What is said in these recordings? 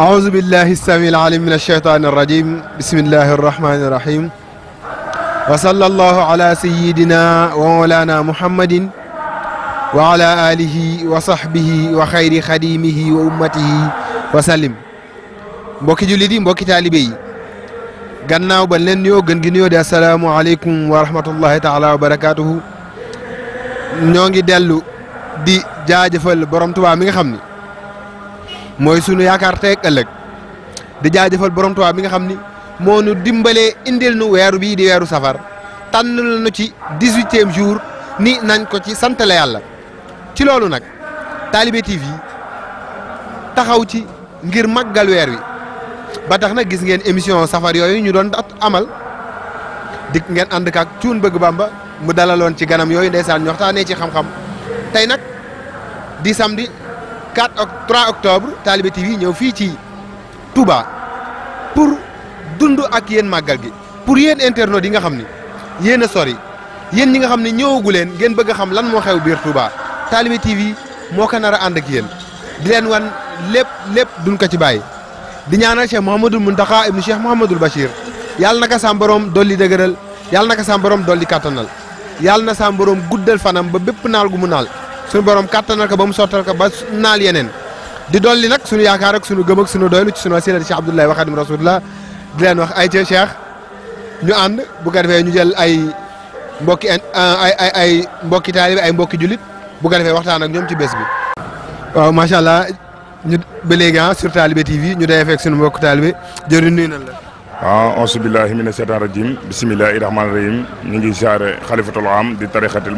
أعوذ بالله السميع العليم من الشيطان الرجيم بسم الله الرحمن الرحيم وصلى الله على سيدنا ومولانا محمد وعلى آله وصحبه وخير خديمه وأمته وسلم mbokki jullit yi mbokki taalibe yi gannaaw ba leen nuyoo gën gi nuyoo di asalaamu aleykum wa rahmatullahi taala wa barakaatuhu ñoo ngi dellu di jaajëfal borom Tuubaa mi nga xam ni mooy sunu yaakaar tey ak ëllëg di jaajëfal borom Tuubaa bi nga xam ni moo nu dimbalee indil nu weer bii di weeru safar tànn nu ci dix-huitième jour ni nañ ko ci santale yàlla ci loolu nag Talibé yi taxaw ci ngir màggal weer wi ba tax na gis ngeen émission safar yooyu ñu doon amal dikk ngeen ànd kaak cuun bëgg Bàmba mu dalaloon ci ganam yooyu ndeysaan ñu waxtaanee ci xam-xam tey nag di samedi 4 3 octobre talibé tv ñew fi ci touba pour dundu ak yeen magal gi pour yeen internautes yi nga xamni yeen sori yeen yi nga xamni ñewagu ngeen bëgg xam lan mo xew biir touba talibé tv ka nara and ak yeen di len wan lepp lepp duñ ko ci bayyi di ñaanal cheikh mohammedou muntaha ibn cheikh mohammedou bashir yalla naka sam borom doli degeural yalla naka sam borom doli katanal yalla na sam borom guddal fanam ba bepp nal gu mu nal suñu borom katanal ko bam sotal ko ba nal yenen di doli nak suñu yaakaar ak suñu gëm ak suñu doylu ci suñu sayyid Cheikh abdullah wa Khadim Rasulullah di len wax ay tie Cheikh ñu ànd bu garfé ñu jël ay mbokki ay ay ay mbokki talib ay mbokki julit bu garfé waxtaan ak ñom ci bés bi. wa ma sha allah ñu be léegi sur Talibé TV ñu day fek suñu mbokki taalibe jëru ñu nal la. waaw auzu billahi mina shaytaani rajim bismillahi rahmaani rahim ñu ngi siyaare xalifatul am di tarixatil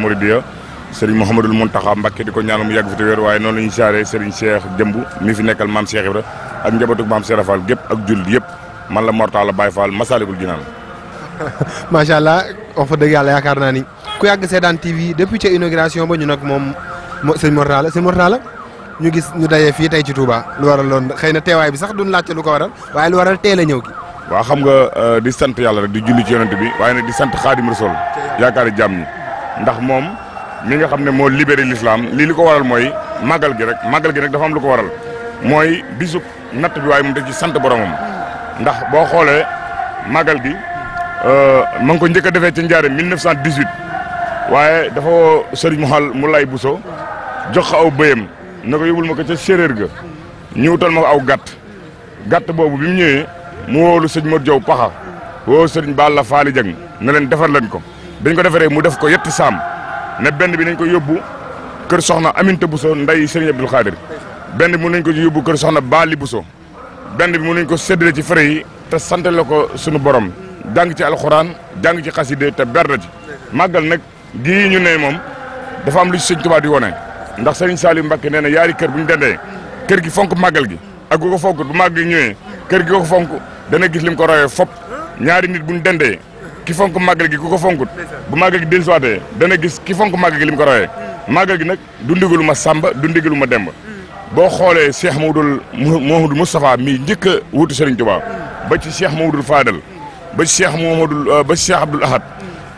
serigne mohamedou muntaxa mbacke diko ñaanum ñaanal fi te wér waaye noonu la ñuy serigne cheikh dembu mi fi nekkal mam cheikh ibra ak njabootu mam cheikh rafal gep ak jull yëpp man la baye fall masalikul ma sha allah on fa dëgg yalla yaakaar na ni ku tv depuis ci inauguration ba ñu nak mom serigne mortal serigne mortal ñu gis ñu dayé fi tay ci touba lu waral loon xëy na bi sax duñ laajte lu ko waral waye lu waral gi wa xam nga euh, di sante yalla rek di julli ci yonent bi waye di sante khadim rasul yaakaari jamm ndax mom mi nga xam ne moo libéré l'islam lii li ko waral mooy màggal gi rek màggal gi rek dafa am lu ko waral mooy bisub natt bi waaye moom da ci sant boromam ndax boo xoolee màggal gi euh, ma ngi ko njëkk a defee ca Ndiarème 1918 waaye dafa woo Sëriñ Mouhal bu Bousso jox ko aw bëyam na ko yóbbul ma ko ca séeréer ga ñëwutal ma aw gàtt gàtt boobu bi mu ñëwee mu woolu sëñ Mor Jow Paxa wow sëriñ Balla Faali Jang na leen defar leen ko dañ ko defaree mu def ko yetti saam ne benn bi nañ ko yóbbu kër soxna Aminta Bousso nday Serigne Abdoul Khadir benn bi mun nañ ko yóbbu kër soxna Bali Bousso benn bi mun nañ ko séddale ci fere yi te sante la ko sunu borom jàng ci alxuraan jàng ci xaside te berde ci màggal nag gii ñu ne moom dafa am lu ci sëñ Tuubaa di wone ndax Serigne Saliou Mbacké nee na yaari kër bu ñu dendee kër gi fonk màggal gi ak ku ko fonkut bu màgg gi ñëwee kër gi ko fonk dana gis lim ko rawee fop ñaari nit bu ñu dendee ki fonk màggal gi ku ko fonkut bu màggal gi dellu siwaatee dana gis ki fonk màggal gi li mu ko rawee màggal gi nag du ma sàmba du ndigalu ma demb boo xoolee Cheikh Mawdul Mouhamadou Moustapha mi njëkk a wutu Serigne Touba ba ci Cheikh Mawdul Fadal ba ci Cheikh Mouhamadul ba ci Cheikh Abdoul Ahad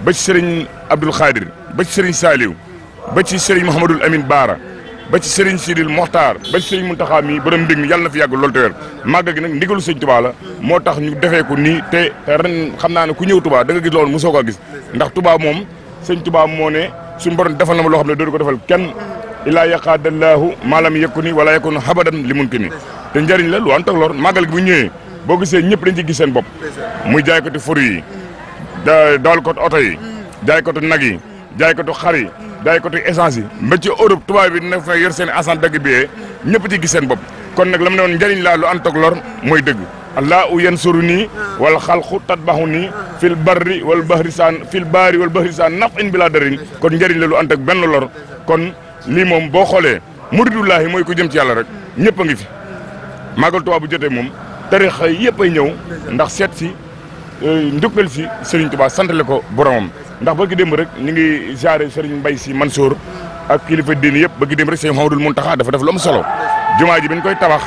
ba ci Serigne Abdoul Khadir ba ci Serigne Saliou ba ci Serigne Mouhamadul amin Baara ba ci Serigne Sidil Mokhtar ba mun Serigne Mountakha mii borom mbég mi yàlla na fi yàgg loolu te wér màggal gi nag ndigalu sëñ Touba la moo tax ñu defee ko nii te ren xam naa ne ku ñëw Touba da nga gis mu mosoo ko gis ndax Touba moom sëñ Touba moo ne suñu borom defal na ma loo xam ne dootu ko defal kenn ilaa yaqaadallaahu maalam yekku ni wala yekku ni xabadan li mun ki ni te njëriñ la lu an tak lor màggal gi bu ñëwee boo gisee ñëpp dañ ci gis seen bopp muy jaaykatu fur yi dawalkatu oto yi jaaykatu nag yi jaaykatu xar yi jaaykatu essence yi ba ci Europe tubaab bi dina fa yor seen essence dagg biyee ñëpp ci gis seen bopp kon nag la mu ne woon njëriñ laa lu ànd ak lor mooy dëgg allahu yansuruni wal xalqu tatbahuni fil barri wal bahri saan fil baari wal bahri saan naf in bila darin kon njëriñ la lu ànd ak benn lor kon lii moom boo xoolee muridullahi mooy ko jëm ci yàlla rek ñëpp a ngi fi màggal Tuubaa bu jotee moom tarixa yëpp ay ñëw ndax seet si eh, njukkal si Sëriñ Tuubaa santale ko boromam ndax bëgg démb rek ñu ngi ziare Serigne mbay si Mansour ak kilifa diine yëpp bëgg démb rek Serigne mahamoudou Mountakha dafa def lu am solo jumaa ji bi koy tabax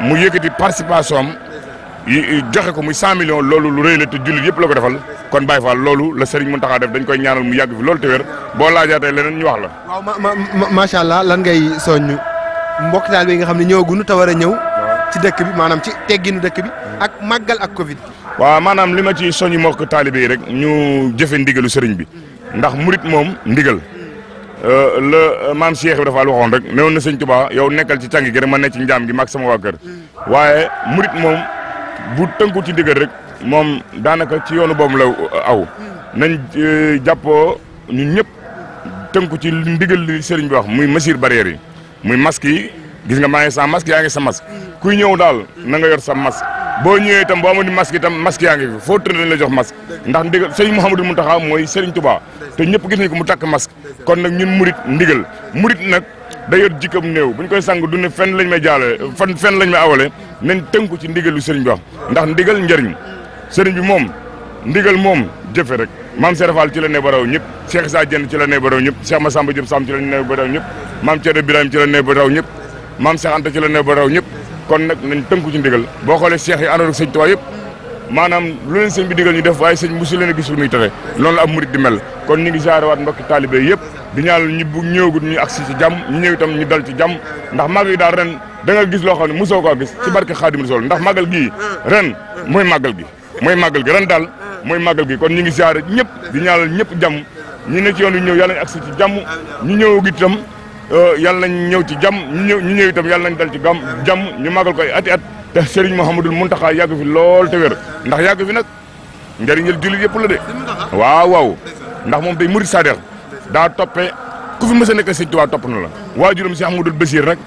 mu yëkëti participation am joxe ko muy 100 millions loolu lu rëy la te julit yëpp la ko defal kon bay Fall loolu la Serigne Mountakha def dañ koy ñaanal mu yàgg fi loolu te wér boo laajaatee leneen ñu wax la. waaw ma ma allah lan ngay soññ mbokk daal bi nga xam ne ñëwaguñu te war a ci dëkk bi maanaam ci tegginu dëkk bi. ak màggal ak Covid. waaw maanaam li ma ci soñu mbokk taalibe yi rek ñu jëfe ndigalu sëriñ bi ndax murit moom ndigal euh, la maam Cheikh bi dafa al waxoon rek newoon na sëñ Tuubaa yow nekkal ci càng gi rek ma nekk ci njaam gi mag sama waa kër waaye murit moom bu tënku ci ndigal rek moom daanaka ci yoonu boobu la euh, aw nañ euh, jàppoo ñu ñëpp tënku ci ndigal li sëriñ bi wax muy masir barrières yi muy masques yi gis nga maa ngi sa masque yaa ngi sa masque kuy ñew dal na nga yor sa masque bo ñewé tam bo amul masque itam masque yaa ngi fi dañ la jox masque ndax ndigal sëriñ Mouhamadou muntaha moy sëriñ Touba te ñepp gis nañ ko mu tak masque kon nak ñun murit ndigal murit nak da yor jikam neew buñ koy sang du ne fenn lañ may jale fan fenn lañ may awale nañ teŋku ci ndigalu sëriñ bi wax ndax ndigal njëriñ sëriñ bi mom ndigal mom jëfé rek mam Serap ci la ne baraw ñëpp Cheikh Sa jenn ci la ne baraw Cheikh Massamba jëm Sam ci la ne baraw ñëpp mam cheikh ibrahim ci la ne baraw mam Cheikh Anta ci la neub raw ñep kon nak nañ teunku ci ndigal bo xolé cheikh yi àndoon seigne toy yep manam lu leen seigne bi digal ñu def way seigne musul leen gisul muy tere non la ab murit di mel kon ñi ngi jaarewaat mbokk talibé yep di ñaal ñi bu ñëwagut ñu aksi ci jam ñi ñew itam ñu dal ci jam ndax magal yi ren da nga gis lo xam muso ko gis ci barke khadim Rasuul ndax magal gi ren moy magal gi moy magal gi ren dal moy magal gi kon ñi ngi jaare ñep di ñaal ñep jam ñi ne ci yoonu ñew yalla ñu aksi ci jàmm ñu ñëwagut itam Euh, yàlla nañ ñëw ci jàmm ñu ñëw ñu yàlla nañ dal ci gam jàmm ñu màggal koy ay ati at te Serigne Mouhamadul Mountakha yàgg fi lool te wér ndax yàgg fi nag njëriñal jullit yëpp la de waaw waaw ndax moom day murid sadex daa toppee ku fi mës a nekk sëñ topp na la waa waajuram si Ahmadul Basiir rek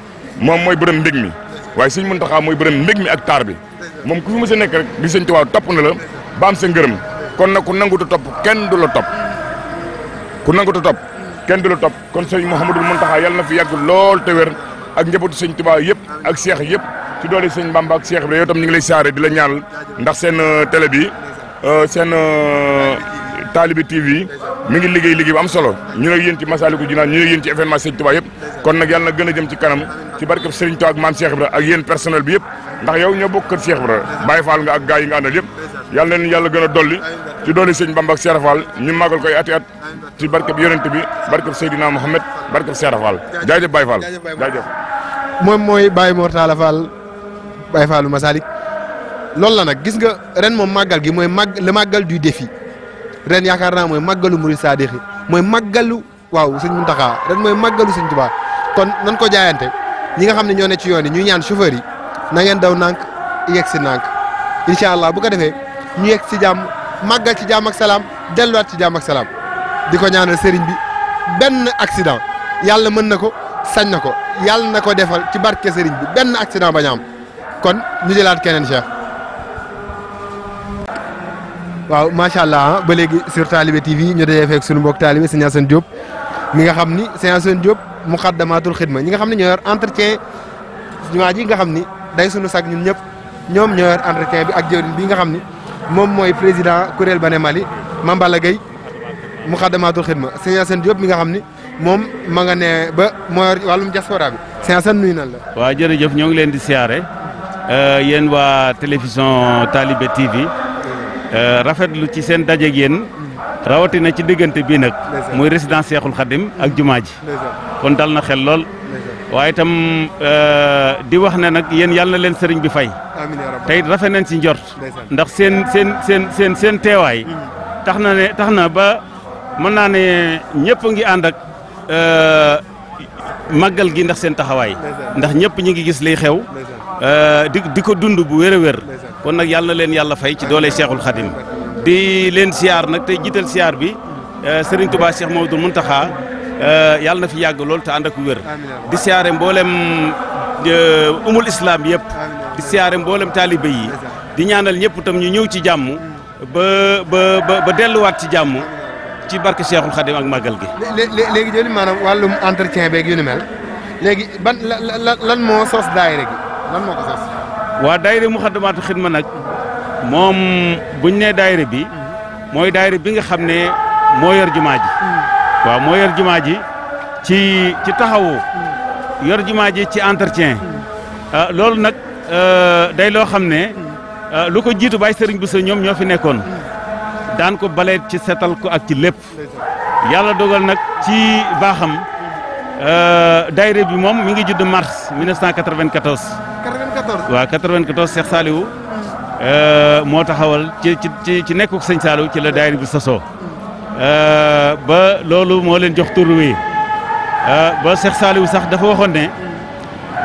moom mooy borom mbég mi waaye sëñ Mountakha mooy borom mbég mi ak taar bi moom ku fi mës nekk rek di sëñ Tuubaa topp na la ba am sa ngërëm kon nag ku nanguta topp kenn du la topp ku kenn du la topp kon sëñ Mouhamadul muntaha yalla na fi yag lool te wer ak njabot sëñ touba yep ak cheikh yep ci doole sëñ Bamba ak cheikh bi yow tam ñu ngi lay saare di la ñaanal ndax sen euh, télé bi euh, sen euh, Talibe TV mi ngi liggéey liggéey bu am solo ñu ngi yéen ci masaliku dina ñu ngi yéen ci événement sëñ touba yep kon nak yalla na gëna jëm ci kanam ci barkeb sëriñ touba ak mam cheikh Ibra ak yeen personnel bi yep ndax yow ño bokk kër Seex baye Baay nga ak gaay yi nga andal yep yalla leen yàlla gën dolli ci doole sëñ Bamba ak Cheikh Fall ñu màggal koy ati at ci barkeb yonent bi barkeb Seydina Mohamed barkeb Cheikh Fall jaajëf Baye moom mooy Baye Mor Talla Fall Baye Fallu Masalik loolu la nag gis nga ren moom màggal gi mooy màgg le màggal du défi ren yaakaar naa mooy màggalu Murid Saadix mooy màggalu waaw sëñ Muntaxa ren mooy màggalu sëñ baa kon nan ko jaayante ñi nga xam ne ñoo ne ci yoon yi ñuy ñaan chauffeur yi na ngeen daw nànk yegg si nànk incha allah bu ko defee ñu yegg si jàmm magga ci jaam ak delu wat ci jaam ak salam di ñaanal serigne bi ben accident yalla mën nako ko sañ nako ko nako defal ci barke serigne bi ben accident baña am kon ñu jëlat keneen cheikh waaw sha allah ah, ba léegi sur Talibé TV ñu dajé fek suñu mbok Talibé seigne Assane Diop mi nga xamni seigne Serigne Assane Diop muqaddamatul khidma ñi nga xamni ne ñoo yor entretien jumaa ji nga xamni day suñu sak ñun ñom ñoo entretien bi ak jëwriñ bi nga xamni moom mooy président kuréel ba ne Mali Mame Balla Gueye Muxaddamaatul Xidma sëñ Assane Diop mi nga xam ni moom ma nga ne ba mooy wàllum diaspora bi sëñ Assane nuyu nan la. waaw jërëjëf ñoo ngi leen di siyaare euh, yéen waa télévision Talibé TV euh, rafetlu ci seen dajeeg yéen rawatina ci diggante bii nag. muy résident Seexul Xadim ak jumaa ji kon dal na xel lool. waaye itam euh, di wax ne nag yéen yàlla leen sëriñ bi fay tey rafet nañ si njot ndax seen seen seen seen seen teewaay mm-hmm. tax na ne tax na ba mën naa ne ñëpp ngi ànd ak euh, màggal gi ndax seen taxawaay ndax ñëpp ñi ngi gis lay xew euh, di di ko dund bu wér a kon nag yàlla leen yàlla fay ci doole Cheikhul Khadim di leen siyaar nag tey jiital siyaar bi Serigne Touba Cheikh Mamadou Mountakha Euh, yàlla na fi yàgg loolu te ànd ak wér di siyaare mboolem euh, umul islam yëpp di siyaare mboolem taalibe yi di ñaanal ñëpp tam ñu ñëw ci jàmm mm. ba ba ba delluwaat ci jàmm ci barke Cheikhul Khadim ak màggal gi. léegi jëli maanaam wàllum entretien beeg yu léegi ban lan moo sos daayira gi lan moo ko sos. waa daayira Muxaddamatul Xidma nag moom buñ ne daayira bi mm. mooy daayira bi nga xam ne moo yor waaw moo yor jumaa ji ci ci taxawu yor jumaa ji ci entretien ah, loolu nag euh, day loo xam ne euh, lu ko jiitu baay sëriñ bu sa ñoom ñoo fi nekkoon daan ko baleet ci setal ko ak ci lépp yàlla dogal nag ci baaxam euh, daayira bi moom mi ngi judd mars waaw 94 waaw 94 Cheikh Saliou moo taxawal ci ci ci nekkuk sëñ Saliou ci la daayira bi sosoo Euh, ba loolu moo leen jox tur wi euh, ba Cheikh Saliou sax dafa waxoon ne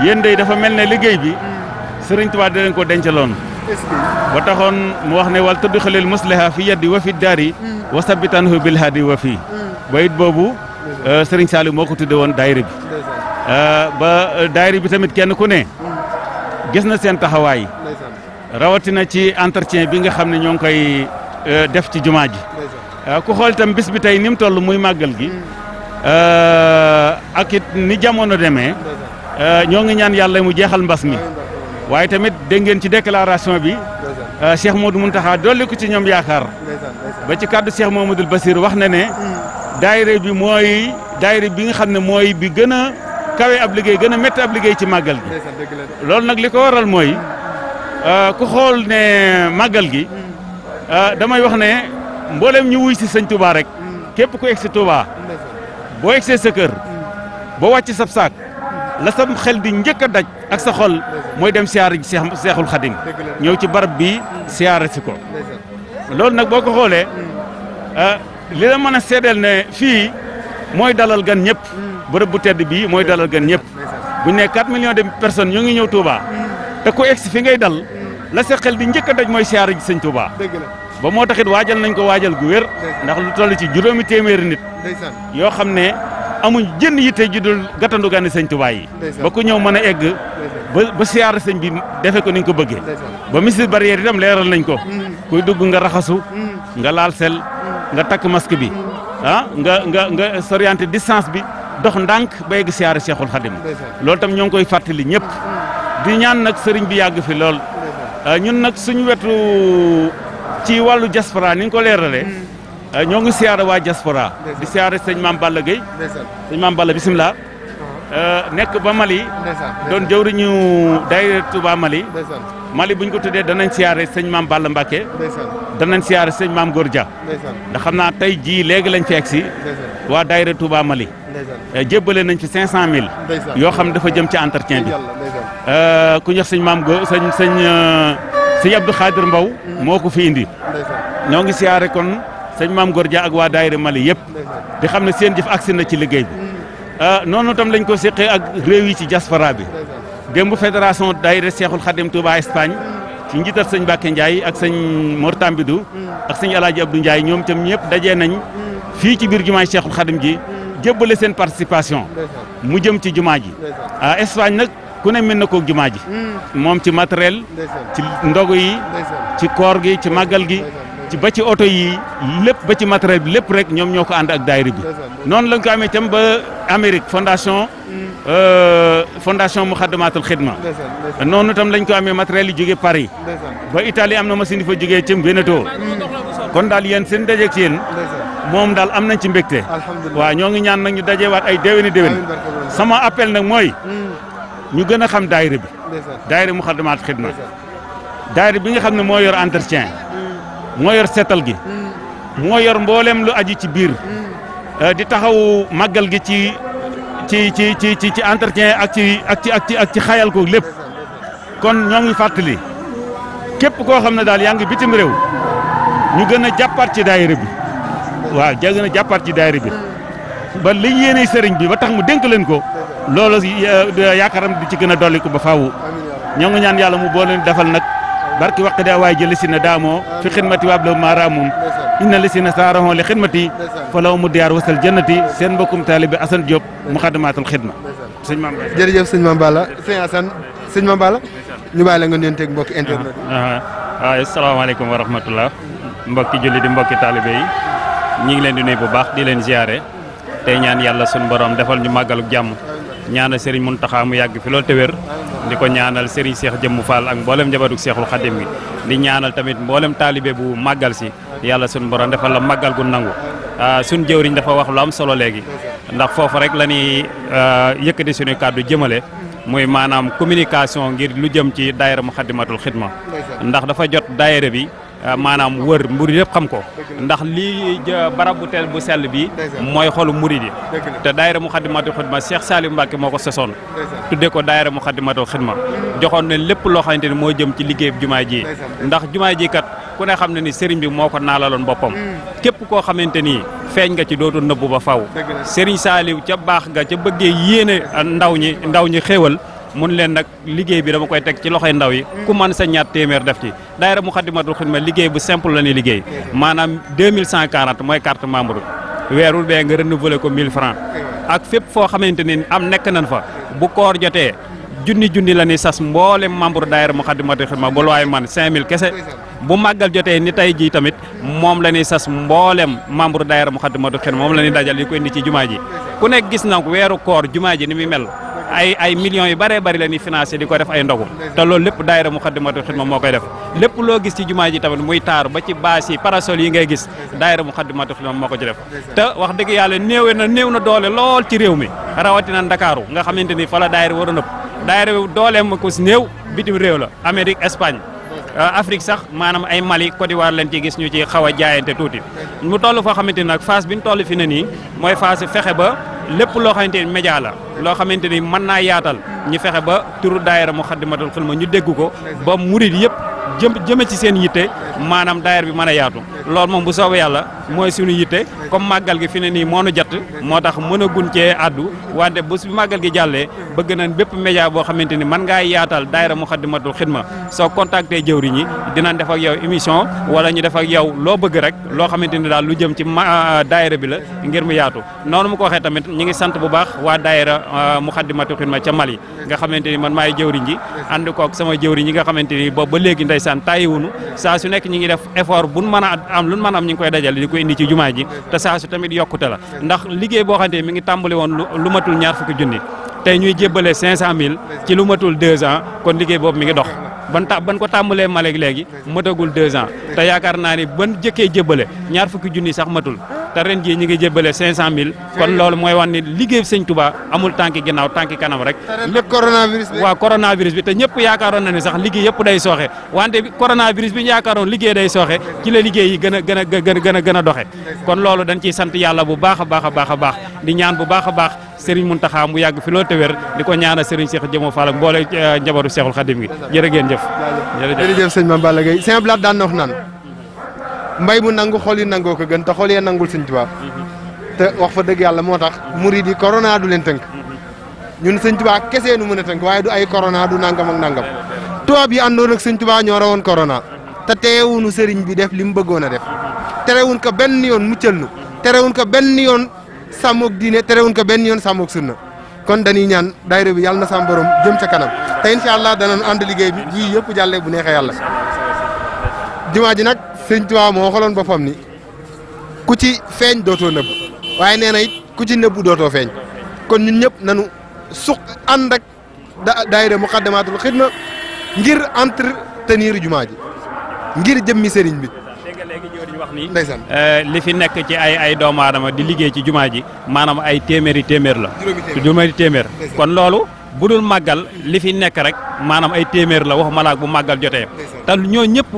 yéen dafa mel ne liggéey bi Serigne Touba da leen ko dencaloon. ba taxoon mu wax ne wal tudd xalil musliha fi yaddi wa fi daari wa sabitanhu bil hadi wa fii bayit boobu sëriñ euh, Saliou moo ko tudde woon daayira bi ba daayira bi tamit kenn ku ne gis na seen taxawaay rawatina ci entretien bi nga xam ne ñoo ngi koy def ci jumaa Eh, ku xol tam bis bi tay nim tollu muy magal gi euh akit ni jamono euh ñoo ngi ñaan yalla mu jéxal mbass mi waye tamit de ngeen ci déclaration bi eh, Cheikh Modou muntaha dolli ko ci ñom yaakar ba ci kàddu Cheikh Mamadou Bassir wax na ne daayira bi moy daayira bi nga xamné moy bi gëna kawé kawe ab liggéey gëna a ab liggéey ci magal gi lool nak liko waral moy euh ku xol ne magal gi damay wax né mboolem ñu wuy si sëñ Touba rek képp ku egg si Touba boo egsee sa kër boo wàcc sab saak la sam xel di njëkk a daj ak sa xol mooy dem siyaare ji seexul xadim ñëw ci barab bii siyaare si ko loolu nag boo ko xoolee ah, li la mën a seedeel ne fii mooy dalal gan ñëpp bërëb bu tedd bii mooy dalal gan ñëpp buñ ne 4 millions de personnes ñoo ngi ñëw Touba te ku si fi ngay dal la sa xel di njëkk a daj mooy siyaare ji sëñ Touba ba moo taxit waajal nañ ko waajal gu wér ndax lu toll ci juróomi téeméeri nit yoo xam ne amuñ jënn yitte ju dul gàttandu gani sëñ Tuubaa yi ba ku ñëw mën a egg ba ba siyaar sëñ bi defe ko niñ ko bëggee ba mesures barrières tam leeral nañ ko mm. koy dugg nga raxasu mm. nga laal sel mm. nga takk masque bi ah nga nga nga s'orienter distance bi dox ndànk ba egg siyaar Seexul Xadim loolu tam ñoo ngi koy fàttali ñëpp di ñaan nag sëriñ bi yàgg fi lool ah, ñun nag suñu wetu ci wàllu diaspora ni nga ko leeralee. Mm. Euh, ñoo ngi siyaare waa diaspora. di siyaare sëñ Mame Balla Gueye. sëñ Mame Balla bisimilah. Uh-huh. Euh, nekk ba Mali. doon jëwriñu daayira Touba Mali. Mali buñ ko tuddee danañ siyaare sëñ Mame Balla Mbacké. danañ siyaare sëñ Mame Gor Dia. ndax xam naa tey jii léegi lañ fi egg si. waa daayira Touba Mali. Euh, jébbale nañ fi 500000. yoo xam dafa jëm ci entretien bi. ku ñuy wax sëñ Mame Gor sëñ sëñ. sëñ Abdou Khadir Mbow moo ko fi indi ñoo ngi siyaare kon sëñ Maam Gor Dia ak waa daayira Mali yëpp di xam ne seen jëf agsi na ci liggéey bi mm. euh, noonu tam lañ ko séqee ak réew ci diaspora bi démb fédération daayira Seexul Xadim Touba Espagne mm. ci njiital sëñ Bakke njaay ak sëñ Mor du mm. ak sëñ Alaaji Abdou Ndiaye ñoom itam ñëpp dajee nañ fii ci biir jumaay Seexul Xadim ji jébbale seen participation mu jëm ci jumaa ji Espagne nag ku ne mën na koo jumaa ji mm. moom ci matériel ci ndogu yi ci koor gi ci màggal gi ci ba ci oto yi lépp ba ci matériel bi lépp rek ñoom ñoo ko ànd ak daayira bi noonu lañ ko amee itam ba Amérique fondation mm. euh, fondation Muxaddamaatul Xidma noonu itam lañ ko amee matériel yi jógee Paris ba Italie am na machine yi fa jógee ci Veneto kon daal yéen seen dajeeg ci moom daal am nañ ci mbégte waaw ñoo ngi ñaan nag ñu dajeewaat ay déwéni déwén sama appel nag mooy mm. ñu gën a xam daayira bi daayira Muxaddamatul Xidma daayira bi nga xam ne moo yor entretien mm. moo yor seetal gi mm. moo yor mboolem lu aji ci biir mm. euh, di taxaw màggal gi ci ci ci ci ci ci entretien ak ci ak ci ak ci ak ci xayal ko lépp kon ñoo ngi fàttali képp koo xam ne daal yaa ngi bitim réew ñu gën a jàppaat ci daayira bi waaw ja gën a jàppaat ci daayira bi ba li yéene sëriñ bi ba tax mu dénk leen ko loolu euh, yaakaaram di ci gën a dolliku ba faawu ñoo ngi ñaan yàlla mu boo leen defal nag barki waq daa waay jëli si na daamoo fi xidmati waab la maaraamun inna li si na saaraxon li xidmati fa law mu diyaar wasal jannati seen mbokkum taalibe Assane Diop mu xadamaatul xidma sëñ Mame Balla jërëjëf sëñ Mame Balla sëñ Assane ñu bàyyi la nga nuyoonteeg mbokki internet waaw asalaamaaleykum wa rahmatullah mbokki julli di mbokki taalibe yi ñu ngi leen di nuyu bu baax di leen ziare tey ñaan yàlla suñu borom defal ñu màggalu jàmm ñaanal Serigne Mountakha mu yàgg fi loolu te wér di ko ñaanal Serigne Cheikh Jëmm Fall ak mboolem njabootu Cheikhul Khadim gi di ñaanal tamit mboolem taalibe bu màggal si yàlla suñu borom defal la màggal gu nangu ah, suñ jëwriñ dafa wax lu am solo léegi ndax foofu rek la ñuy ah, yëkkati suñu kàddu jëmale muy maanaam communication ngir lu jëm ci daayira Muxaddamatul Xidma ndax dafa jot daayira bi Euh, maanaam wër murid yëpp xam ko ndax lii barab bu teel bu sell bi mooy xolu murid yi te mu daayira Muxaddamatul ma Cheikh Salim Mbacke moo ko sesoon tudde ko mu daayira Muxaddamatul ma joxoon ne lépp loo xamante ni moo jëm ci liggéey bi jumaa ji ndax jumaa ji kat ku ne xam ne ni sëriñ bi moo ko naalaloon boppam mm. képp koo xamante ni feeñ nga ci dootul nëbbu ba faw sëriñ Saaliw ca baax nga ca bëggee yéene ndaw ñi ndaw ñi xéewal mun len nak liggey bi dama koy tek ci loxay ndaw yi ku man sa ñaat témèr def ci daayira Muxaddamatul khidma liggey bu simple la ni liggey manam 2140 moy carte membre wérul be nga renouveler ko 1000 francs ak fep fo xamanteni am nek nañ fa bu koor joté junni junni la ni sas mbolé membre daayira Muxaddamatul khidma bu loy man 5000 kese bu magal joté ni tay ji tamit mom la ni sas mbolé membre daayira Muxaddamatul khidma mom la ni dajal yi ko indi ci ku nek gis na wéru koor ni mi mel ay ay millions yu bëree bëri la ñuy financé di ko def ay ndogu te loolu lépp daayira Muxaddamatul Xidma moo koy def lépp loo gis ci jumaa ji tamit muy taaru ba ci baas parasol yi ngay gis daayira Muxaddamatul Xidma moo ko ci def te wax dëgg yàlla néew na néew na doole lool ci réew mi rawatina Ndakaaru nga xamante ni la daayira waroon ëpp daayira dooleem ko néew bitim réew la Amérique Espagne euh, Afrique sax maanaam ay Mali Côte d'Ivoire ci gis ñu ci xaw a lépp loo xamante ni média la loo xamante ni mën naa yaatal ñu fexe ba turu daayira Muxaddamatul Xidma ñu dégg ko ba murid yëpp jëm jëme ci seen yitte manam daayir bi mën a yaatu loolu moom bu soobee yàlla mooy suñu yitte comme màggal gi fi ne nii moo nu jatt moo tax mën a gun cee àddu wante bu su magal gi jàllee bëgg nañ bépp média bo xamante ni mën ngaa yaatal daayira Muxaddamatul Xidma soo contacté jëwriñ yi dinañ def ak yow émission wala ñu def ak yow lo bëgg rek loo xamante daal lu jëm ci ah, ah, daayira bi la ngir mu yaatu noonu mu ko waxee tamit ñi ngi sant bu baax waa daayira ah, Muxaddamatul Xidma ca Mali nga xamante ni man maay jëwriñ ji ànd kook sama jëwriñ yi nga xamante ni boobu ba léegi ndeysaan tàyyiwunu saa su nekk ñi ngi def effort buñ mën a am luñ mën a ñi ngi koy dajale di ko indi ci jumaa ji te saa su tamit yokkute la ndax liggéey boo xam ne mi ngi tàmbali woon lu matul ñaar fukki junni te ñuy jébbale cinq cent mille ci lu matul deux ans kon liggéey boobu mi ngi dox ban ta ban ko tàmbalee Malek léegi matagul deux ans te yaakaar naa ni ban jëkkee jébbale ñaar fukki junni sax matul te ren jii ñu ngi jébbale 500000. kon loolu mooy wax ni liggéey sëñ Touba amul tànki ginnaaw tànki kanam rek. lépp coronavirus bi waaw coronavirus bi te ñëpp yaakaaroon na ne sax liggéey yëpp day sooxe wante coronavirus bi ñu yaakaaroon liggéey day sooxe ci la liggéey yi gën a gën a gën a gën a doxe kon loolu dañ ciy sant yàlla bu baax a baax a baax a baax di ñaan bu baax a baax Serigne Mountakha mu yàgg fi loolu te di ko ñaanal Serigne Cheikh Jëmo Fall ak mboole eh, njabootu Cheikhul Khadim gi jërë ngeen jëf jërëjëf sëñ mbay bu nangu xol yi nangoo ko gën te xol yee nangul sëñ Tuubaa mhm. te wax fa dëgg yàlla moo tax murid yi korona du leen tënk mhm. ñun sëñ Tuubaa kese nu mën a tënk waaye du ay corona du nangam ak nangam tubaab yi àndoon ak sëñ Tuubaa ñoo rawoon corona te teewunu sëriñ bi def li mu bëggoon a def mhm. terewun ko benn yoon muccal nu terewun ko benn yoon sàmmoog diine wun ko benn yoon sàmmoog sunna kon dañuy ñaan daayira bi yàlla na sam borom jëm ca kanam te incha allah danañ ànd liggéey bi yii yëpp jàlle bu neexee yàlla jumaa sëñ Tuubaa moo xooloon boppam ni ku ci feeñ dootoo nëbb waaye nee na it ku ci nëbb dootoo feeñ kon ñun ñëpp nanu suq ànd ak daayira Muqaddamatul Xidma ngir entretenir jumaa ji ngir jëmmi sëriñ bi. ndeysaan euh, li fi nekk ci ay ay doomu aadama di liggéey ci jumaa ji maanaam ay téeméeri téeméer la. téeméer kon loolu. bu dul màggal li fi nekk rek maanaam ay téeméer la waxuma laak bu màggal jotee te ñoo ñëpp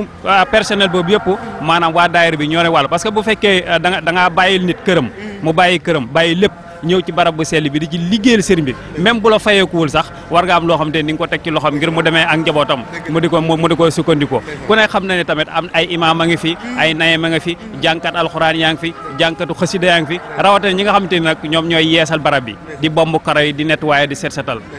personnel boobu yëpp maanaam waa daayira bi ñoo ne wàll parce que bu fekkee euh, danga nga da bàyyil nit këram mu bàyyi këram bàyyi lépp ñëw ci barab bu selli bi di ci liggéeyal sëriñ bi même bu la fayeekuwul sax war nga am loo xam te ni ko teg ci loxoom ngir mu demee ak njabootam mu di ko sukkandikoo ku ne xam na ne tamit ay imaam a fi ay naye fi jànkat alxuraan yaa ngi fi jànkatu xasida yaa ngi fi rawatina ñi nga xam te ni nag ñoom ñooy yeesal barab bi di bomb karo yi di nettoyer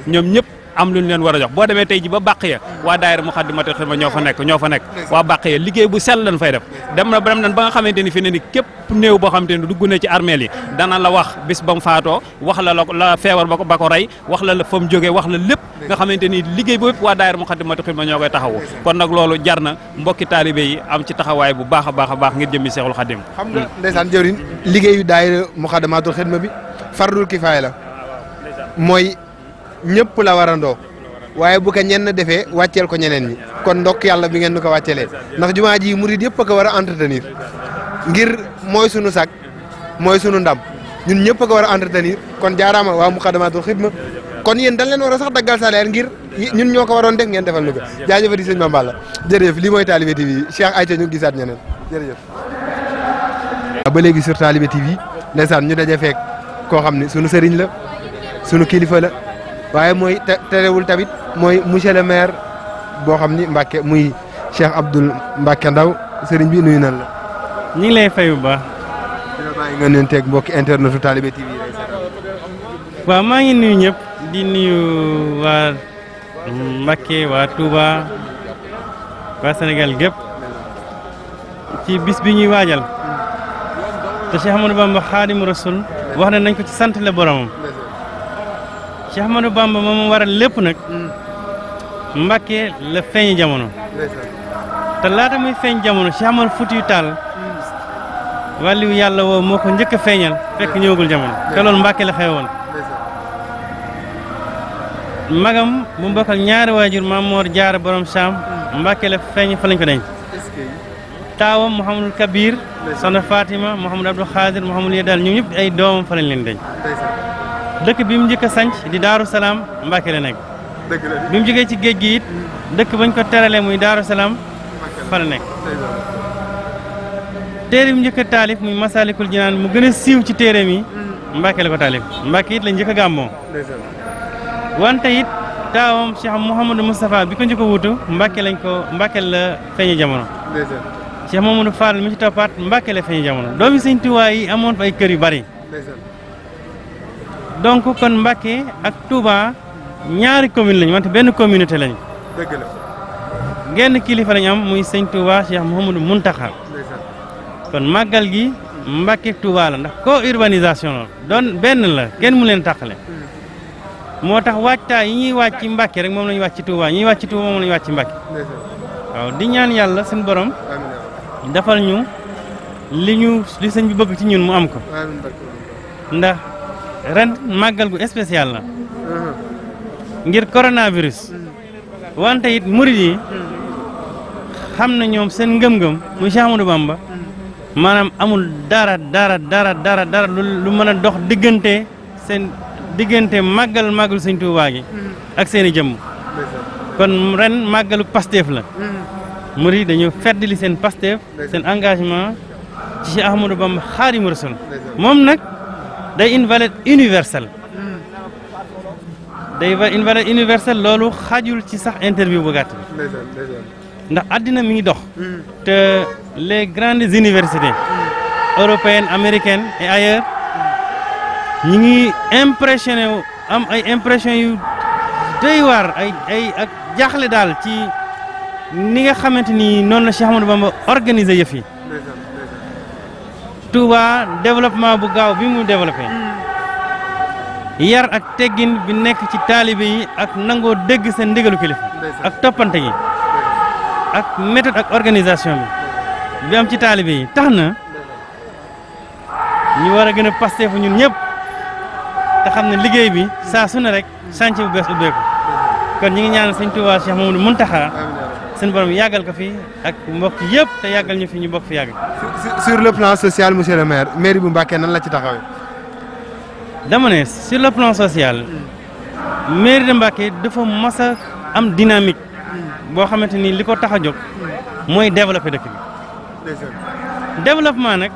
ñoom ñëpp am lu ñu leen war a jox boo demee tey ji ba bàq ya waa daayira Muxaddamatul Xidma ñoo fa nekk ñoo fa nekk waa bàq ya liggéey bu sell lañ fay def dem na dem nañ ba nga xamante ni fi ne ni képp néew boo xamante ni dugg na ci armeel yi dana la wax bis ba mu faatoo wax la la ba ba ko rey wax la lépp nga xamante ni liggéey boobu waa daayira Moukhaddamatoul Khidma ñoo koy taxawu kon nag loolu jar na mbokki taalibe yi am ci taxawaay bu baax a baax a baax ngir jëmmi Seexul Xadim xam nga ndeysaan liggéeyu liggéeyu daayira Moukhaddamatoul Khidma bi fardul kifaaya la mooy ñëpp la warandoo waaye bu ko ñenn defee wàcceel ko ñeneen ñi kon ndokk yàlla bi ngeen nu ko wàccelee ndax jumaa ji murid yëpp a ko war a entretenir ngir mooy sunu sag mooy sunu ndam ñun ñëpp a war a entretenir kon jaaraama waa Moukhaddamatoul Khidma kon yéen dañ leen war sax daggal salaire ngir ñun ñoo ko waroon def ngeen defal ñu ko jaajëfati sëñ Mame Balla jërëjëf lii mooy Talibé TV Cheikh Aïcha ñu gisaat ñeneen jërëjëf ba léegi sur Talibé TV ndeysaan ñu daje fekk koo xam ne sunu sëriñ la sunu kilifa la waaye mooy terewul tamit mooy monsieur le maire boo xam ni mbake muy Cheikh Abdoul Mbacke Ndaw sëriñ bi nuyu na la. ñu ngi lay fay bu baax. di la bàyyi maa ngi nuyu ñëpp di nuyu waa Mbacké waa Touba waa Sénégal gépp ci bis bi ñuy waajal te Cheikh Ahmadou Bamba Xaadimu Rasul wax na nañ ko ci sant la boromam Cheikh Ahmadou Bamba moom waral lépp nag Mbacké la feeñ jamono te laata muy feeñ jamono Cheikh Ahmadou Foutiyu Tall wàllu yàlla woo moo ko njëkk a feeñal fekk ñëwagul jamono te loolu Mbacké la xewoon magam mu mbokkal ñaari waajur maam jaar Jaara borom Saam Mbàkke feeñ fa lañ ko denc taawam Mouhamadul Kabir soxna Fatima Mouhamadou Abdou Khadir Mouhamadou Yedal ñu ñëpp ay doom fa leen denc dëkk bi mu njëkk a sanc di Daaru Salaam Mbàkke la nekk bi mu jógee ci géej gi dëkk bañ ko terale muy Daaru Salaam fa la nekk téere bi mu njëkk a taalif muy Masaalikul Jinaan mu gën a siiw ci téere mi mm. Mbàkke la ko taalif Mbàkke it lañ njëkk a wante it taawam cheikh mouhamadou moustapha bi ko njëkk wutu mbàkke lañ ko mbàkke la feeñe jamono cheikh mamadou fall mi ci toppaat mbàkke la feeñe jamono doomi sëñ tuubaa yi amoon fa ay yu bari donc kon mbàkke ak touba ñaari commune lañ wante benn communauté lañ dëgg la genn kilifa lañ am muy sëñ touba cheikh mouhamadou muntaxa kon màggal gi mbàkke touba la ndax co urbanisation don ben la kenn mu motax wacca yi ñi wacc ci Mbàkke rek mom lañu wacc ci Tuuba ñuy wàcc ci Tuuba moom ci waaw di ñaan yalla suñu borom dafal ñu li ñu li señ bi bëgg ci ñun mu am ko ndax ren magal gu spécial la ngir coronavirus wante it mouride yi xam na ñoom seen ngëm-ngëm muy Bamba manam amul dara dara dara dara dara lu mën a dox diggante seen diggante màggal màggalu sëñ Tuubaa gi mm-hmm. ak seen i jëmm kon ren màggalu Pastef la mm-hmm. murid dañu feddali seen Pastef seen engagement ci Cheikh Ahmadou Bamba Xaadimu Rasuul moom nag day une valeur universelle mm-hmm. day une valeur universelle loolu xajul ci sax interview bu gàtt bi ndax àddina mi ngi dox mm. te les grandes universités mm. européennes américaines et ailleurs ñi ngi impressionné wu am ay impression yu doy waar ay ak jaxle daal ci ni nga xamante ni noonu la Cheikh Ahmadou Bamba organise yëf yi Touba développement bu gaaw bi mu développé yar ak teggin bi nekk ci taalibe yi ak nangoo dégg seen ndigalu kilifa ak toppante yi ak méthode ak organisation bi bi am ci taalibe yi tax na ñu war a gën a pasteefu ñun ñëpp te xam ne liggéey bi saa su ne rek chantier bu bees ubbeeku kon ñi ngi ñaanal sëñ Tuubaa Cheikh Mamadou taxa seen borom yàggal ko fi ak mbokk yëpp te yàggal ñu fi ñu bokk fi yàgg. sur le plan social monsieur le maire mairie bu Mbacké nan la ci taxawee. dama ne sur le plan social mairie de Mbacké dafa mas am dynamique boo xamante ni li ko tax a jóg mooy développer dëkk bi. développement nag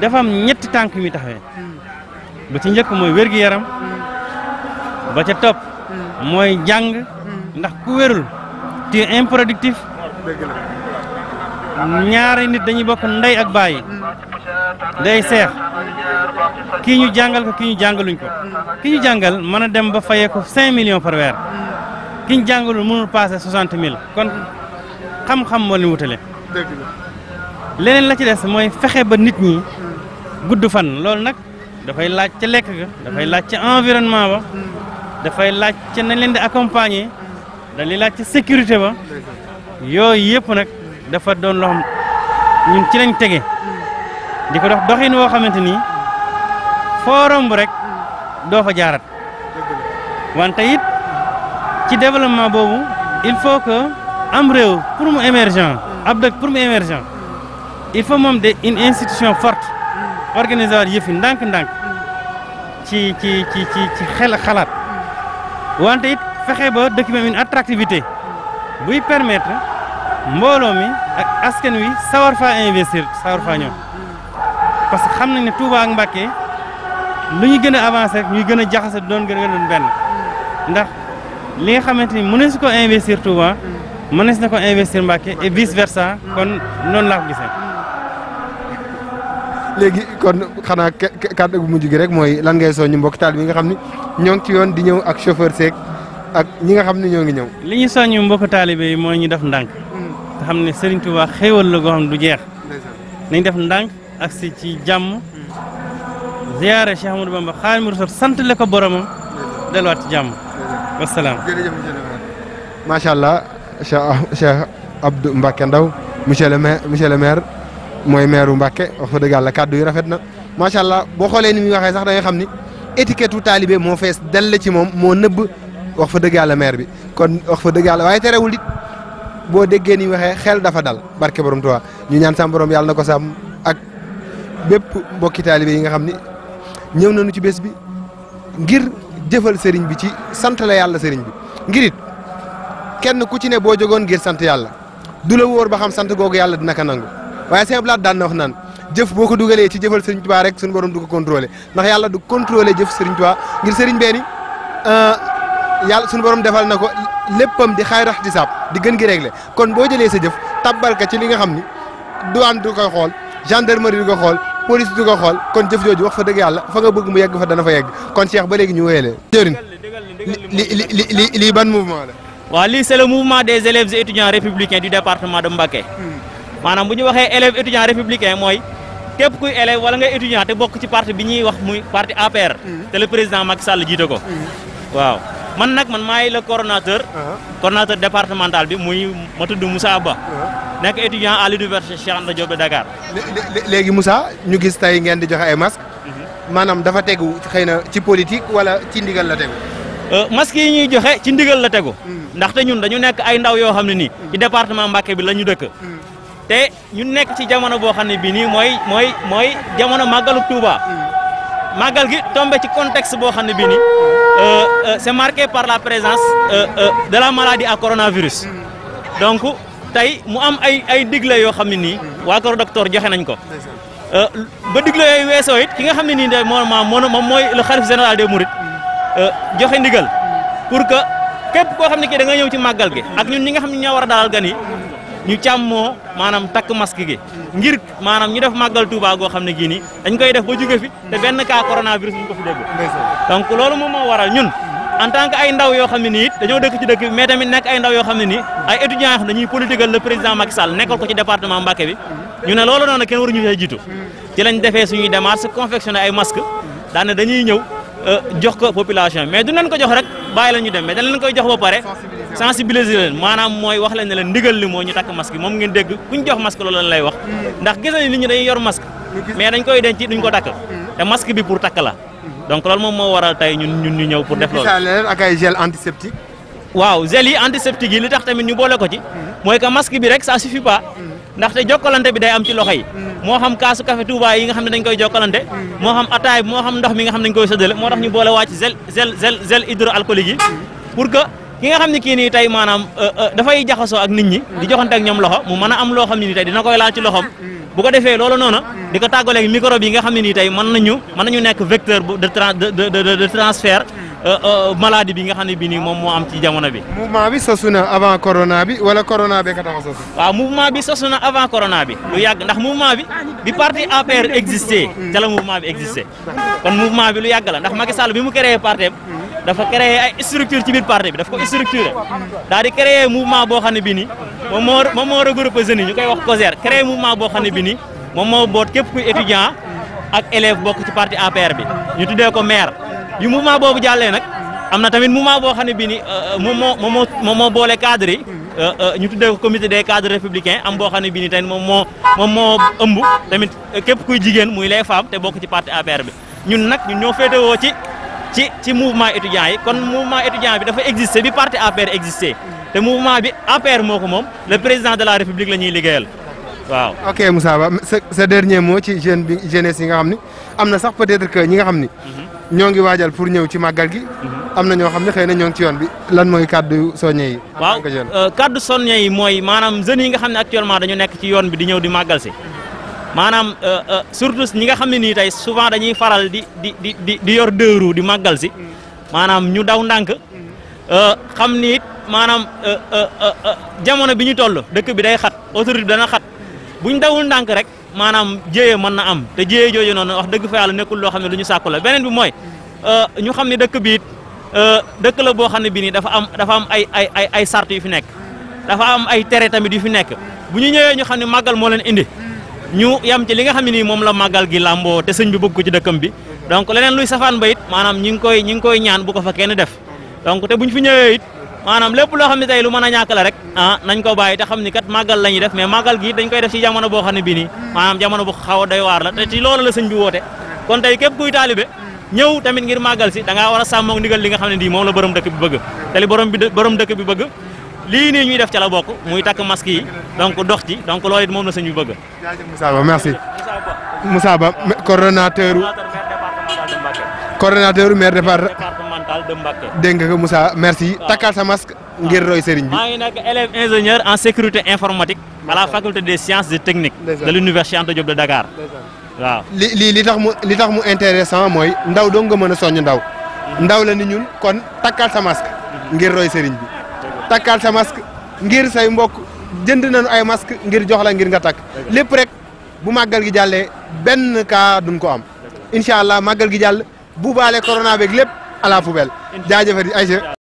dafa am ñetti tànk yu muy taxawee. ba ci njëkk mooy wér gi yaram ba ca topp mooy jàng ndax ku wérul te improductif ñaari nit dañuy bokk ndey ak bàyyi day seex kii ñu jàngal ko kii ñu jàngaluñ ko kii ñu jàngal mën a dem ba fayee ko cinq millions par weer ki ñu jàngalul mënul passé mille kon xam-xam moo leen wutale leneen la ci des mooy fexe ba nit ñi gudd fan loolu nag dafay laaj ca lekk ga dafay laaj ca environnement ba dafay laaj ca nañ leen di accompagner dañuy laaj ca sécurité ba yooyu yëpp nag dafa doon loo xam ci lañ tege di ko dox doxin woo xamante ni foo romb rek doo fa jaarat wante it ci développement boobu il faut que am réew pour mu émergent ab dëkk pour mu émergent il faut moom de une institution forte organiser yëfi ndànk-ndànk ci ci ci ci ci xel xalaat wante it fexe ba dëkk bi am une attractivité buy permettre mbooloo mi ak askan wi sawar faa investir sawar faa ñëw parce que xam nañ ne Touba ak Mbacké lu ñu gën a avancé rek ñuy gën a jaxase doon gën a doon benn ndax li nga xamante ni mënees ko investir Touba mënees na ko investir Mbacké et vice versa kon noonu laa ko gisee léegi kon xanaa kàddu bu mujj gi rek mooy lan ngay ñu mbokk taal bi nga xam ni ñoo ngi ci yoon di ñëw ak chauffeur seeg ak ñi nga xam ne ñoo ngi ñëw. li ñu mbokk taalibe mooy ñu def ndànk. te xam ne Serigne Touba xéewal la goo xam du jeex. nañ def ndànk ak si ci jàmm. ziyaare Cheikh Amadou Bamba Xaadimu Rasuul sant la borom boromam. delluwaat ci jàmm. wasalaam jërëjëf macha allah Cheikh Cheikh Abdou Ndaw monsieur le monsieur le maire. mooy maire Mbacke wax fa dëgg yàlla kàddu yi rafet na macha allah boo xoolee ni muy waxee sax da xam ni étiquette u taalibe moo fees dell ci moom moo nëbb wax fa dëgg yàlla maire bi kon wax fa dëgg yàlla waaye terewul it boo déggee ni waxee xel dafa dal barke borom Tuubaa ñu ñaan sam yàlla na ko sàmm ak bépp mbokki taalibe yi nga xam ni ñëw nañu ci bés bi ngir jëfal sëriñ bi ci sant la yàlla sëriñ bi ngir kenn ku ci ne boo jógoon ngir sant yàlla du la wóor ba xam sant googu yàlla dina ko nangu. Mais c'est Abdoulaye na wax contrôlé ndax a du contrôlé contrôler. Serigne ngir Serigne du gendarmerie du police du mouvement c'est le mouvement des élèves étudiants républicains du département de Mbaké. Hmm. maanaam bu ñu waxee élève étudiant républicain mooy képp kuy élève wala ngay étudiant te bokk ci parti bi ñuy wax muy parti APR mm. te le président Macky Sall jiite ko mm. waaw man nag man maay le coordonnateur uh-huh. coordonnateur départemental bi muy ma tudd Moussa Ba uh-huh. nekk étudiant à l'université Cheikh Anta Diop de Dakar léegi Moussa ñu gis tey ngeen di joxe ay masque mm-hmm. maanaam dafa tegu xëy na ci politique wala ci ndigal la tegu euh, masque yi ñuy joxe ci ndigal la tegu mm. ndaxte ñun dañu nekk ay ndaw yoo xam ne nii ci département bi la ñu dëkk te ñu nekk ci jamono boo xam ne bii nii mooy mooy mooy jamono màggalu Touba. màggal gi tombé ci contexte boo xam ne bii nii euh, euh, c'est marqué par la présence euh, de la maladie à coronavirus. donc tey mu am ay ay digle yoo xam ne nii. waa kër docteur joxe nañ ko. ba digle yooyu weesoo it ki nga xam ne nii de moom moom mooy le khalife général des mourides joxe ndigal pour que képp koo xam ne kii da nga ñëw ci màggal gi. ak ñun ñi nga xam ne ñoo war a dalal gan yi. ñu càmmoo maanaam takk masque gi ngir maanaam ñu def màggal Touba goo xam ne gii nii dañ koy def ba jóge fi te benn cas coronavirus ñu ko fi dégg loolu moom moo waral ñun en tant que ay ndaw yoo xam ne nii it dañoo dëkk ci dëkk bi tamit nekk ay ndaw yoo xam ne nii ay étudiants yoo xam dañuy politiqueal le président Macky Sall ko ci département Mbacké bi ñu ne loolu noonu kenn waruñu see jiitu ci lañ defee suñuy démarche confectionné ay masque daane dañuy ñëw euh, jox ko population mais du ko jox rek bàyyi la ñu dem mais dañ leen koy jox sensibiliser leen maanaam mooy wax lañ ne leen ndigal li mo ñu tak masque mom ngeen dégg kuñ jox masque loolu lañ lay wax hmm. ndax gis nañ nit ñi dañuy yor masque mais dañ koy denc duñ ko tak hmm. té masque bi pour tak la hmm. donc loolu mom mo waral tay ñun ñun ñu ñew pour def loolu ak ay gel antiseptique waaw gel yi antiseptique yi li tax tamit ñu bolé ko ci moy que masque bi rek ça suffit pas té jokkalante bi day am ci loxo yi moo xam kaasu café Touba yi nga xam dañ koy jokkalante mo xam atay mo xam ndox mi nga xam dañ koy sëddale mo tax ñu bolé wacc gel gel gel hydroalcoolique yi pour que ki nga xam ne ki nii tey maanaam euh, euh, dafay jaxasoo ak nit ñi di joxante ñoom loxo mu mën a am loo xam ne nii tey dina koy laal ci loxom bu ko defee loolo noonu di ko tàggaleeg microbe bi nga xam ne nii tey mën nañu mën nañu nekk vecteur de de de transfert euh, maladie bi nga xam ne bi nii moom moo am ci jamono bi. mouvement bi sosu na avant corona bi wala corona bee ka tax a sosu. waaw mouvement bi sosu avant corona bi. lu yàgg ndax mouvement bi bi parti APR existé. ca la mouvement bi existé. kon mouvement bi dafa créer ay structure ci biir parti bi daf ko structuré daal di créer mouvement boo ne bi ni moom moo moom moo regroupé jeunes yi ñu koy wax COSER créer mouvement boo xam ne bi ni moom moo boot képp kuy étudiant ak élève bokk ci parti APR bi ñu tuddee ko maire bi yu mouvement boobu jàllee nag am na tamit mouvement boo xam ne bi ni euh, euh, moom moo moom moo moo boole cadre euh, ñu tuddee ko comité des cadres républicains am boo xam ne bi ni tamit moom moo moom moo ëmb tamit képp kuy jigéen muy les femmes te bokk ci parti APR bi ci ci mouvement étudiant yi kon mouvement étudiant bi dafa exister bi parti APR exister te mouvement bi APR moko mom le président de la république la ligéyal waaw. ok Moussa Ba ce dernier mot ci jeune bi jeunesse yi nga xamni amna sax peut-être que ñi nga xamni mhm. ñoo ngi pour ñew ci magal gi. Mhm. amna ño xamni xeyna ñong ci yoon bi lan mooy cadre soññe yi. waaw cadre euh, soññe yi moy manam jeune yi nga xamni actuellement dañu nekk ci yoon bi di ñew di magal ci maanaam euh, euh, surtout ñi nga xam ne nii tey souvent dañuy faral di di di di di yor deux roues di màggal si mm. maanaam ñu daw ndànk mm. euh, xam ni it maanaam jamono bi ñu toll dëkk bi day xat autorité bi dana xat bu ñu dawul ndànk rek maanaam jéye mën na am te jéye jooju noonu wax dëgg fa yàlla nekkul loo xam ne lu ñu sàkku la beneen bi mooy ñu xam ne dëkk bi it dëkk la boo xam ne bii nii dafa am dafa am ay ay ay ay sart yu fi nekk dafa am ay tere tamit yu fu nekk bu ñu ñëwee ñu xam ne màggal moo leen indi ñu yam ci li nga xamni mom moom la magal gi lambo te señ bi bëgg ko ci dëkkam bi donc leneen luy safan bayit manam ñi ngi koy ñi ngi koy ñaan bu ko fa kenn def donc te buñ fi ñëwé it manam lepp lo xamni tay lu mëna la rek ah nañ ko bayyi te xamni kat magal lañu def mais magal gi dañ koy def ci jamono bo xamni bi ni manam jamono bu xaw day war la te ci loolu la señ bi woté kon tay kep kuy talibé ñew tamit ngir magal si da nga wara a sàmmoog ndigal li nga xamni di moom la borom dëkk bi bëgg te li borom bi borom dëkk bi bëgg li ni ñuy def ci la bokku muy tak masque yi donc dox ci donc loolu mom la suñu bëgg. jaajëf Moussa Ba merci. Moussa Ba coordinateur coordonnateur maire départemental de Mbacké. deng nga ko Moussa merci takal sa masque ngir roy Serigne bi. maa ngi nekk élève ingénieur en sécurité informatique à la faculté des sciences et techniques. de l'université Anta Diop de Dakar. waaw li li tax mu li tax mu intéressant moy ndaw do nga mëna soñ ndaw. Mhm. ndaw la ni ñun kon takal sa masque. ngir roy Serigne bi. takkal sa masque ngir say mbokk jënd na nañu ay masque ngir jox la ngir nga takk lépp rek bu màggal gi jàlle benn ka duñ ko am incha allah màggal gi jàll bu baale corona beeg lépp à la poubelle jaajëfal ayca